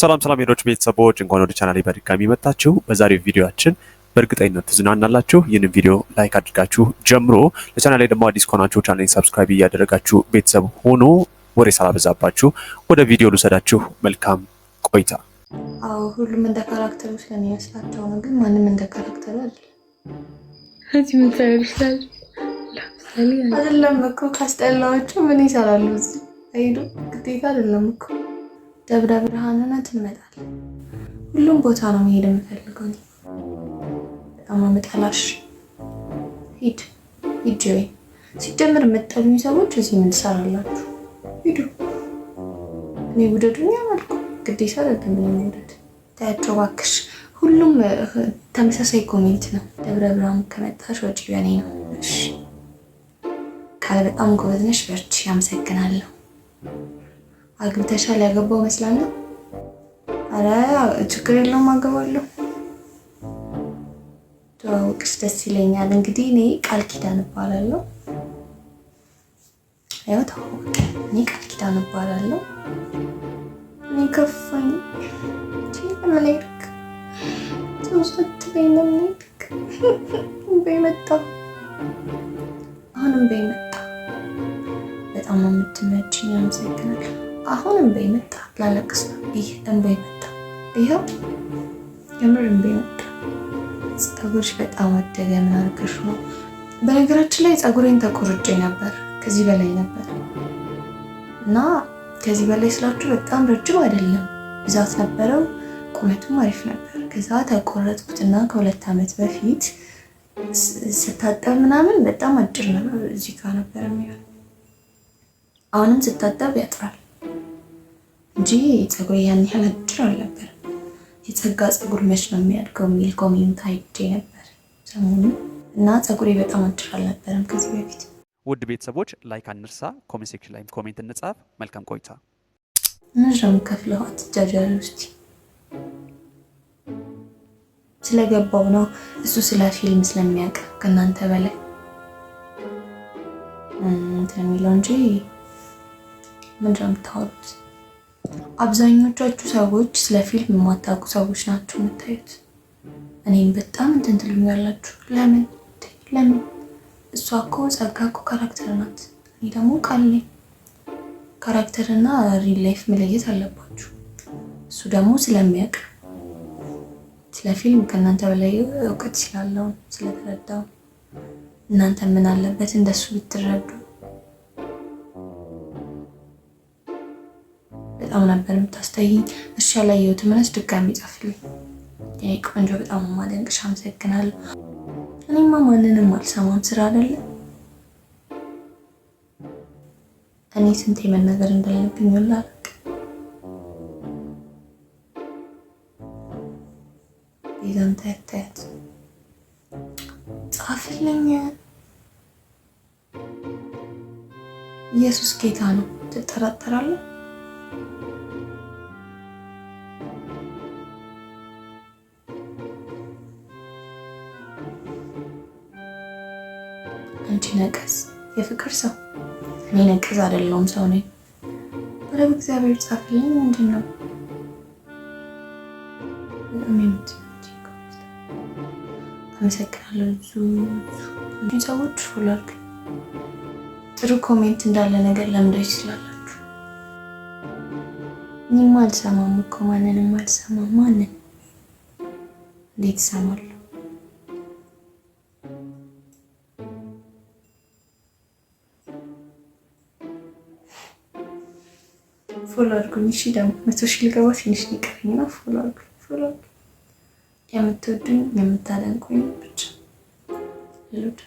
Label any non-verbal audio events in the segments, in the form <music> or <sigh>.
ሰላም ሰላም ሄዶች ቤተሰቦች እንኳን ወደ ቻናሌ በድጋሚ መጣችሁ። በዛሬው ቪዲዮአችን በእርግጠኝነት ትዝናናላችሁ። ይህንን ቪዲዮ ላይክ አድርጋችሁ ጀምሮ ለቻናሌ ደግሞ አዲስ ከሆናችሁ ቻናሌን ሰብስክራይብ እያደረጋችሁ ቤተሰብ ሆኖ ወሬ ሳላበዛባችሁ ወደ ቪዲዮ ልውሰዳችሁ። መልካም ቆይታ። አዎ ሁሉም እንደ ካራክተሩ ስለሚመስላቸው ነው፣ ግን ማንም እንደ ካራክተሩ አይደለም። እዚህ ምን ይችላል? አይደለም እኮ ካስጠላዎቹ ምን ይሰራሉ? እዚህ አይሄዱም። ግዴታ አይደለም እኮ ደብረ ብርሃን እውነት እንመጣለን። ሁሉም ቦታ ነው መሄድ የምፈልገው። በጣም መጠላሽ። ሂድ ሂጅ። ወይ ሲጀምር የምጠሉኝ ሰዎች እዚህ ምን ትሰራላችሁ? ሂዱ። እኔ ውደዱኛ መልኩ ግዴታ አይደለም ውደድ። ታያቸው እባክሽ። ሁሉም ተመሳሳይ ኮሜንት ነው። ደብረ ብርሃን ከመጣሽ ወጪ በኔ ነው። ካለ በጣም ጎበዝ ነሽ፣ በርቺ። አመሰግናለሁ። አግብተሻል ያገባው መስላለ። አረ ችግር የለውም አገባለሁ፣ ተዋውቅሽ ደስ ይለኛል። እንግዲህ እኔ ቃል ኪዳን እባላለሁ። ያው ተዋውቅ። እኔ ቃል ኪዳን እባላለሁ። እኔ ከፋኝ ላይክ ሶስት ላይ ነው በይመጣ አሁንም በይመጣ በጣም ነው የምትመችኝ። አመሰግናለሁ። አሁን እንበይ መጣ ላለቅስ ነው። ይህ እንበይ መጣ። ይኸው የምር እንበይ መጣ። ፀጉርሽ በጣም አደገ። ምን አድርገሽ ነው? በነገራችን ላይ ፀጉሬን ተቆርጬ ነበር። ከዚህ በላይ ነበር እና ከዚህ በላይ ስላችሁ በጣም ረጅም አይደለም፣ ብዛት ነበረው፣ ቁመቱም አሪፍ ነበር። ከዛ ተቆረጥኩትና ከሁለት ዓመት በፊት ስታጠብ ምናምን በጣም አጭር ነበር፣ እዚህ ጋር ነበር የሚሆን። አሁንም ስታጠብ ያጥራል። እንጂ ፀጉሬ ያን ያህል አጭር አልነበር። የጸጋ ፀጉር መች ነው የሚያድገው የሚል ኮሜንት አይቼ ነበር ሰሞኑን እና ፀጉሬ በጣም አጭር አልነበረም ከዚህ በፊት። ውድ ቤተሰቦች ላይክ አንርሳ፣ ኮሜንት ሴክሽን ላይ ኮሜንት እንጻፍ። መልካም ቆይታ። ምንድን ነው የምከፍለው? አትጃጃሉ እስኪ። ስለገባው ነው እሱ ስለ ፊልም ስለሚያውቅ ከእናንተ በላይ እንትን የሚለው እንጂ ምንድን ነው የምታወሩት? አብዛኞቻችሁ ሰዎች ስለ ፊልም የማታውቁ ሰዎች ናቸው የምታዩት። እኔም በጣም እንትን ትሉኛላችሁ። ለምን ለምን? እሷ እኮ ጸጋ እኮ ካራክተር ናት፣ እኔ ደግሞ ቃል ነኝ። ካራክተርና ሪል ላይፍ መለየት አለባችሁ። እሱ ደግሞ ስለሚያውቅ ስለ ፊልም ከእናንተ በላይ እውቀት ስላለው ስለተረዳው እናንተ ምን አለበት እንደሱ ብትረዱ በጣም ነበር የምታስተይኝ። እሺ ያላየሁትን ምንስ ድጋሚ ጻፍልኝ። የኔ ቆንጆ በጣም ማደንቅሽ፣ አመሰግናለሁ። እኔማ ማንንም አልሰማም ስራ አይደለ። እኔ ስንቴ መናገር እንዳለብኝ ሁላ ቤዛም ታያት ጻፍልኝ። ኢየሱስ ጌታ ነው። ትጠራጠራለህ? አንቺ ነቀዝ የፍቅር ሰው እኔ ነቀዝ አይደለሁም ሰው ነኝ። ኧረ በእግዚአብሔር ጻፍልኝ። ምንድን ነው አመሰግናለሁ። ብዙ ሰዎች ፎሎ አድርገኝ ጥሩ ኮሜንት እንዳለ ነገር ለምደች እኔማ አልሰማም እኮ ማንንም አልሰማም። ማንን እንዴት እሰማለሁ? ፎሎ አድርጉኝ። እሺ ደግሞ መቶ ሺህ ልገባ ትንሽ ሊቀረኝ ነው። ፎሎ አድርጉኝ። ፎሎ አድርጉኝ። የምትወዱኝ የምታደንቁኝ ብቻ ልድ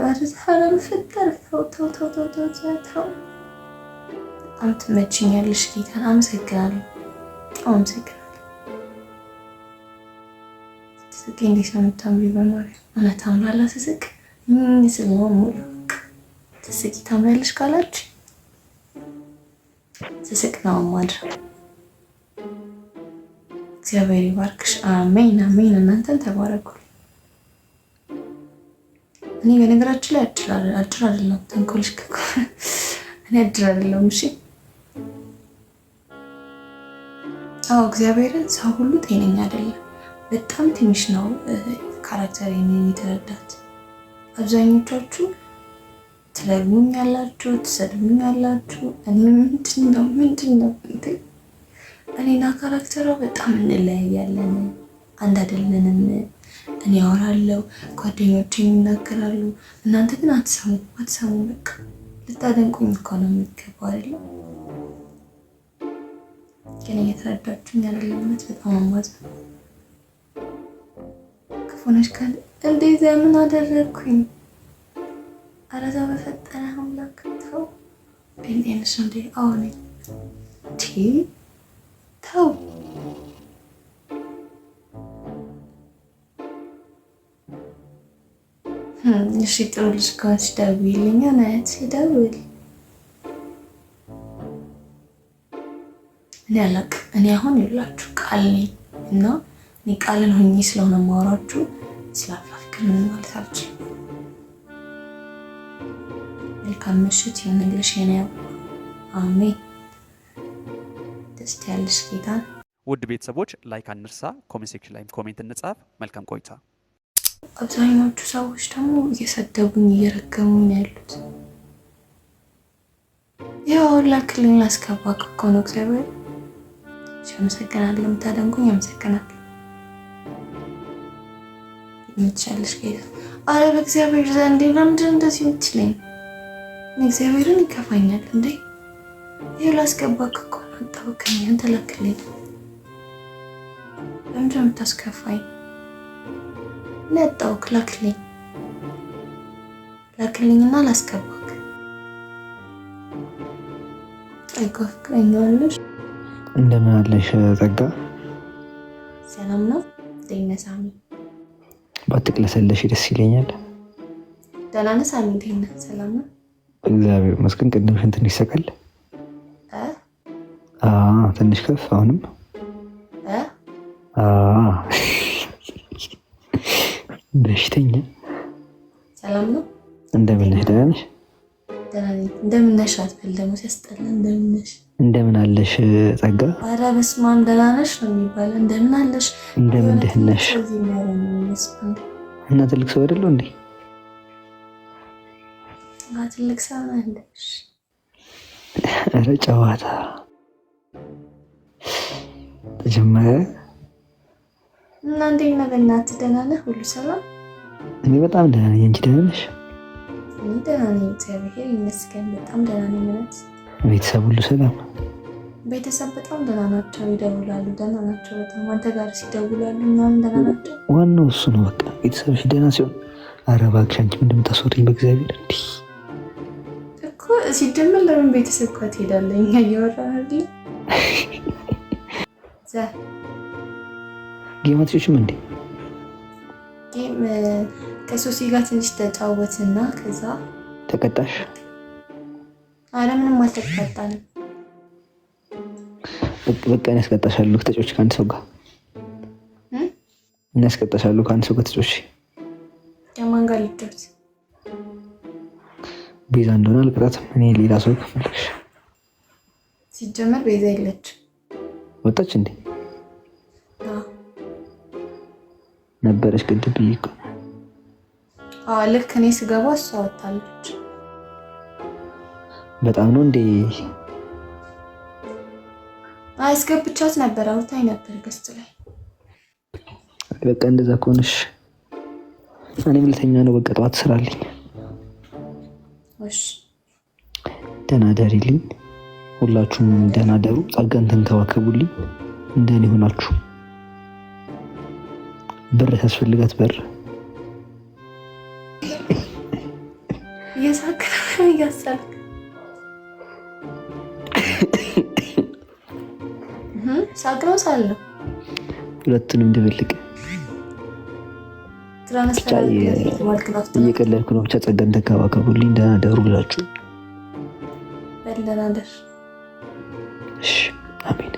አረ ኧረ ፈጠር ተው ተው ተው ተው ተው በጣም ትመችኛለሽ ጌታን አመሰግናለሁ። አመሰግናለሁ። ስቄ እንዴት ነው የምታምሪ? በማርያም እውነት አምራላ ስስቅ ስለሆን ሙሉ ስስቂ ታምሪያለሽ ካላች ስስቅ ነው ማድረግ። እግዚአብሔር ይባርክሽ። አሜን አሜን። እናንተን ተባረኩ። እኔ በነገራችን ላይ አድር አይደለም ተንኮልሽ እኔ አድር አይደለም። እሺ አዎ እግዚአብሔርን ሰው ሁሉ ጤነኛ አይደለም። በጣም ትንሽ ነው ካራክተር የተረዳት። አብዛኞቻችሁ ትለግሙኝ ያላችሁ ትሰድቡኝ ያላችሁ እኔ ምንድን ነው ምንድን ነው እኔና ካራክተሯ በጣም እንለያያለን፣ አንድ አይደለንም። እኔ አወራለሁ፣ ጓደኞቼ ይናገራሉ፣ እናንተ ግን አትሰሙ አትሰሙ። በቃ ልታደንቁኝ እኮ ነው የሚገባው አይደለም ግን እየተረዳችሁኝ አይደለም። እውነት በጣም አሟዘን ክፉ ነሽ ካለ እንዴት ምን አደረግኩኝ? ኧረ ተው በፈጠረ አምላክ ተው። ጴንጤ ነሽ እንዴ? አዎ ነኝ። ተው እሺ ጥሩ ልጅ ከሆንሽ ደውዪልኝ። እውነት ደውዪልኝ እኔ አላቅም። እኔ አሁን ይላችሁ ቃል ነኝ እና እኔ ቃልን ሆኜ ስለሆነ ማወራችሁ ስላላ ፍቅር ምን ማለት አልችል። መልካም ምሽት ይሁንልሽ የኔ አሜን። ደስታ ያለሽ ጌታን ውድ ቤተሰቦች ላይክ አንርሳ፣ ኮሜንት ሴክሽን ላይ ኮሜንት እንጻፍ። መልካም ቆይታ። አብዛኞቹ ሰዎች ደግሞ እየሰደቡኝ እየረገሙኝ ያሉት ይኸው ሁላ ክልል አስገባ እኮ ነው እግዚአብሔር አመሰግናለሁ። የምታደንቁኝ አመሰግናለሁ። የምትሻለሽ ጌታ አረ በእግዚአብሔር ዘንድ ለምንድን እንደዚህ የምትችለኝ? እግዚአብሔርን ይከፋኛል እንዴ? ይህ ላስገባ ከኮን አጣወቀኝ አንተ ላክልኝ። ለምንድን የምታስከፋኝ? ለጣውክ ላክልኝ፣ ላክልኝና ላስገባክ። ጸጋ እንደምን አለሽ ጸጋ? ሰላም ነው ጤና ሳሚ። ባትቅለሰለሽ ደስ ይለኛል። ደህና ነህ ሳሚ? ጤና ሰላም ነው እግዚአብሔር ይመስገን። ቅድምሽን ትንሽ ሰቀል ትንሽ ከፍ አሁንም በሽተኛ። ሰላም ነው እንደምን ነሽ? ደህና ነሽ? እንደምነሽ አትበል ደግሞ ሲያስጠላ። እንደምን አለሽ ጸጋ? ኧረ በስመ አብ ደህና ነሽ ነው የሚባለው። እንደምን አለሽ እንደምን እና ትልቅ ሰው አይደለሁ እንዴ? ትልቅ ሰው አለሽ። ኧረ ጨዋታ ተጀመረ እና እንዴት ነው? በእናትህ ደህና ነህ? ሁሉ ሰላም? እኔ በጣም ደህና ነኝ። አንቺ ደህና ነሽ? ደህና ነኝ፣ እግዚአብሔር ይመስገን። በጣም ደህና ነኝ። እውነት ቤተሰብ ሁሉ ሰላም? ቤተሰብ በጣም ደህና ናቸው። ይደውላሉ፣ ደህና ናቸው። በጣም አንተ ጋር ሲደውላሉ ምናምን ደህና ናቸው። ዋናው እሱ ነው። በቃ ቤተሰብሽ ደህና ሲሆን፣ ኧረ እባክሽ አንቺ ምን እንደምታስወሪኝ በእግዚአብሔር። እንዲህ እኮ ሲጀምር ለምን ቤተሰብ ጋር ትሄዳለህ? እኛ እያወራን አይደል? <laughs> ጌማትሽም እንዴ ጌም ከሶሲ ጋር ትንሽ ተጫወትና ከዛ ተቀጣሽ? አረ ምንም አልተቀጣንም። በቃ እኔ አስቀጣሻለሁ ከተጫወች ከአንድ ሰው ጋር እኔ አስቀጣሻለሁ ከአንድ ሰው ጋር ተጫዎች። ከማን ጋር ልጫወት? ቤዛ እንደሆነ አልቀጣትም። እኔ ሌላ ሰው ከፈለግሽ ሲጀመር ቤዛ የለች ወጣች እንዴ ነበረች ግድብ ብዬሽ እኮ ልክ እኔ ስገባ እሷ ወታለች። በጣም ነው እንዴ? አስገብቻት ነበር፣ አውርታኝ ነበር ገስት ላይ። በቃ እንደዛ ከሆነሽ እኔም ልተኛ ነው። በቃ ጠዋት ስራልኝ። ደህና ደሪልኝ። ሁላችሁም ደህና ደሩ። ጸጋን ተንከባከቡልኝ። እንደኔ ሆናችሁ ብር ያስፈልጋት በር እየሳክ እያሳልክ ሳቅ ነው ሁለቱንም ድብልቅ እየቀለድኩ ነው። ብቻ ጸጋን ተንከባከቡልኝ። ደህና ደሩ ብላችሁ ደር። እሺ አሜን።